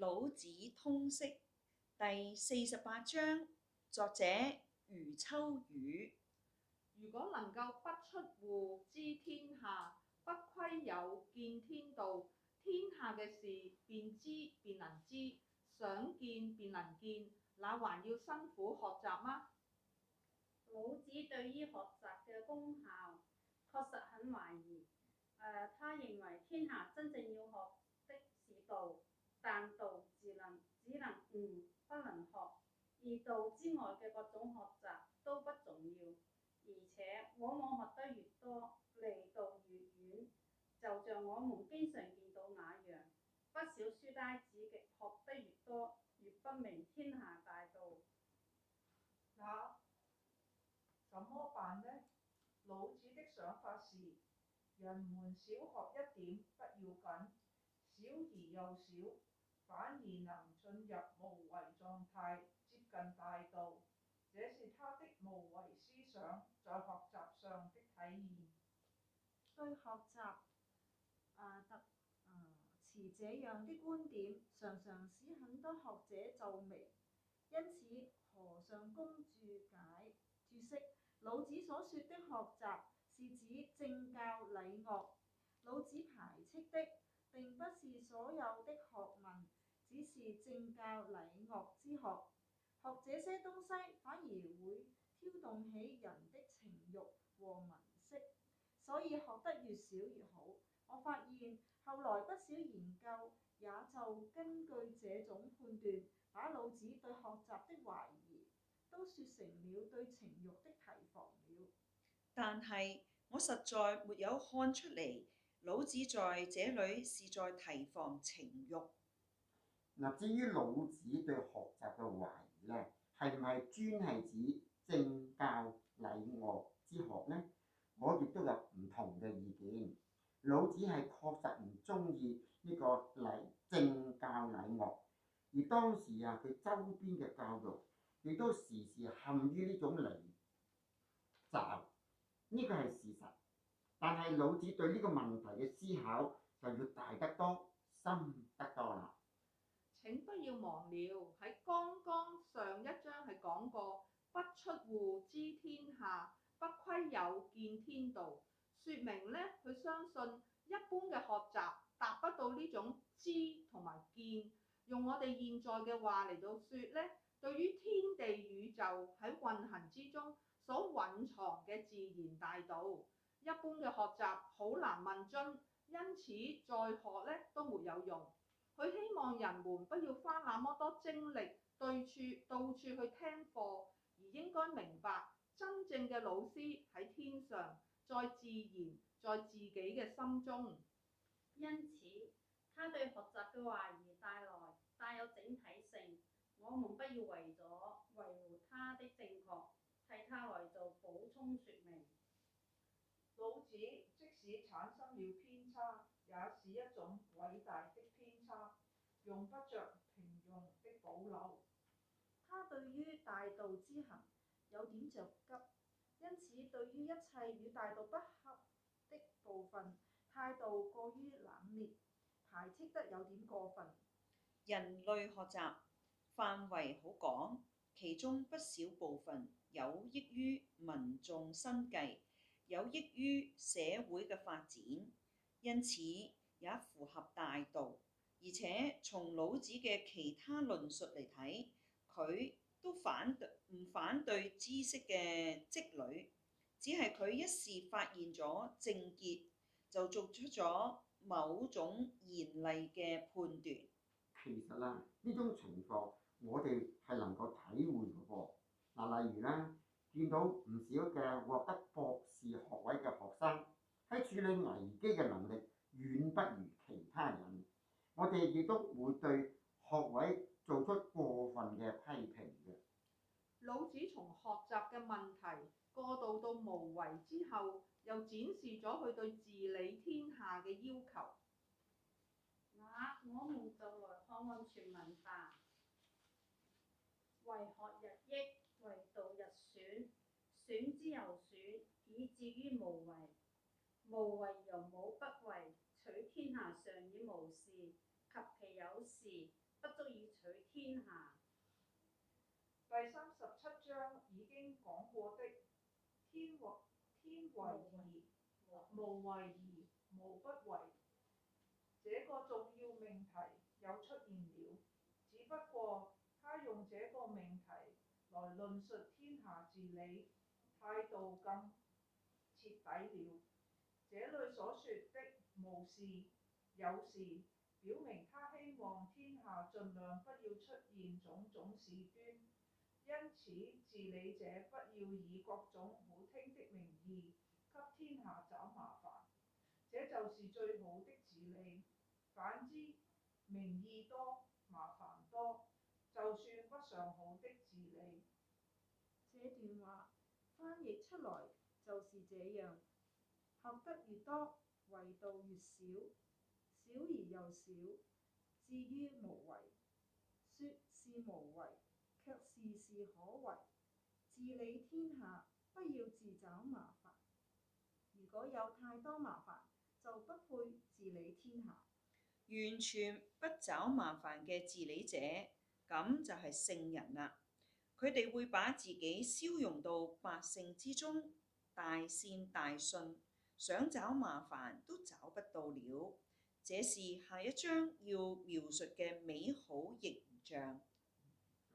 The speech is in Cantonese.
老子通釋第四十八章，作者余秋雨。如果能夠不出戶知天下，不窺牖見天道，天下嘅事便知便能知，想見便能見，那還要辛苦學習嗎？老子對於學習嘅功效確實很懷疑。誒、呃，他認為天下真正要學的是道。但道能只能只能悟，不能學。而道之外嘅各種學習都不重要，而且往往學得越多，離道越遠，就像我們經常見到那樣，不少書呆子嘅學得越多，越不明天下大道。那怎麼辦呢？老子的想法是，人們少學一點不要緊，少而又少。反而能進入無為狀態，接近大道，這是他的無為思想在學習上的體現。對學習，啊特、啊、持這樣的觀點，常常使很多學者皺眉。因此，河上公注解注釋老子所說的學習，是指政教禮樂。老子排斥的並不是所有的學問。只是正教禮樂之學，學這些東西反而會挑動起人的情欲和文飾，所以學得越少越好。我發現後來不少研究也就根據這種判斷把老子對學習的懷疑，都說成了對情欲的提防了。但係我實在沒有看出嚟，老子在這裏是在提防情欲。嗱，至於老子對學習嘅懷疑咧，係唔係專係指正教禮樂之學咧？我亦都有唔同嘅意見。老子係確實唔中意呢個禮正教禮樂，而當時啊，佢周邊嘅教育亦都時時陷於呢種禮習，呢個係事實。但係老子對呢個問題嘅思考就要大得多，深。夫知天下，不窺牖見天道。説明咧，佢相信一般嘅學習達不到呢種知同埋見。用我哋現在嘅話嚟到説咧，對於天地宇宙喺運行之中所隱藏嘅自然大道，一般嘅學習好難問津，因此再學咧都沒有用。佢希望人們不要花那麼多精力，對處到處去聽課。老師喺天上，在自然，在自己嘅心中。因此，他對學習嘅懷疑帶來帶有整體性。我們不要為咗維護他的正確，替他來做補充説明。老子即使產生了偏差，也是一種偉大的偏差，用不着平庸的保留。他對於大道之行有點着急。因此，對於一切與大道不合的部分，態度過於冷冽，排斥得有點過分。人類學習範圍好廣，其中不少部分有益於民眾生計，有益於社會嘅發展，因此也符合大道。而且從老子嘅其他論述嚟睇，佢都反對，唔反對知識嘅積累，只係佢一時發現咗症結，就做出咗某種嚴厲嘅判斷。其實啦，呢種情況我哋係能夠體會嘅噃。嗱，例如咧，見到唔少嘅獲得博士學位嘅學生，喺處理危機嘅能力遠不如其他人。我哋亦都會對學位。無為之後，又展示咗佢對治理天下嘅要求。嗱、啊，我們就來看看全文吧。為學日益，為道日損，損之又損，以至於無為。無為又冇不為，取天下常以無事，及其有事，不足以取天下。第三十七章已經講過的。天為天為而，無為而，無不為。這個重要命題又出現了，只不過他用這個命題來論述天下治理，態度更徹底了。這裡所說的無事有事，表明他希望天下盡量不要出現種種事端。因此，治理者不要以各種好聽的名義給天下找麻煩，這就是最好的治理。反之，名義多，麻煩多，就算不上好的治理。這段話翻譯出來就是這樣：學得越多，為道越少，少而又少，至於無為，說是無為。事事可為，治理天下，不要自找麻煩。如果有太多麻煩，就不配治理天下。完全不找麻煩嘅治理者，咁就係聖人啦。佢哋會把自己消融到百姓之中，大善大信，想找麻煩都找不到了。這是下一章要描述嘅美好形象。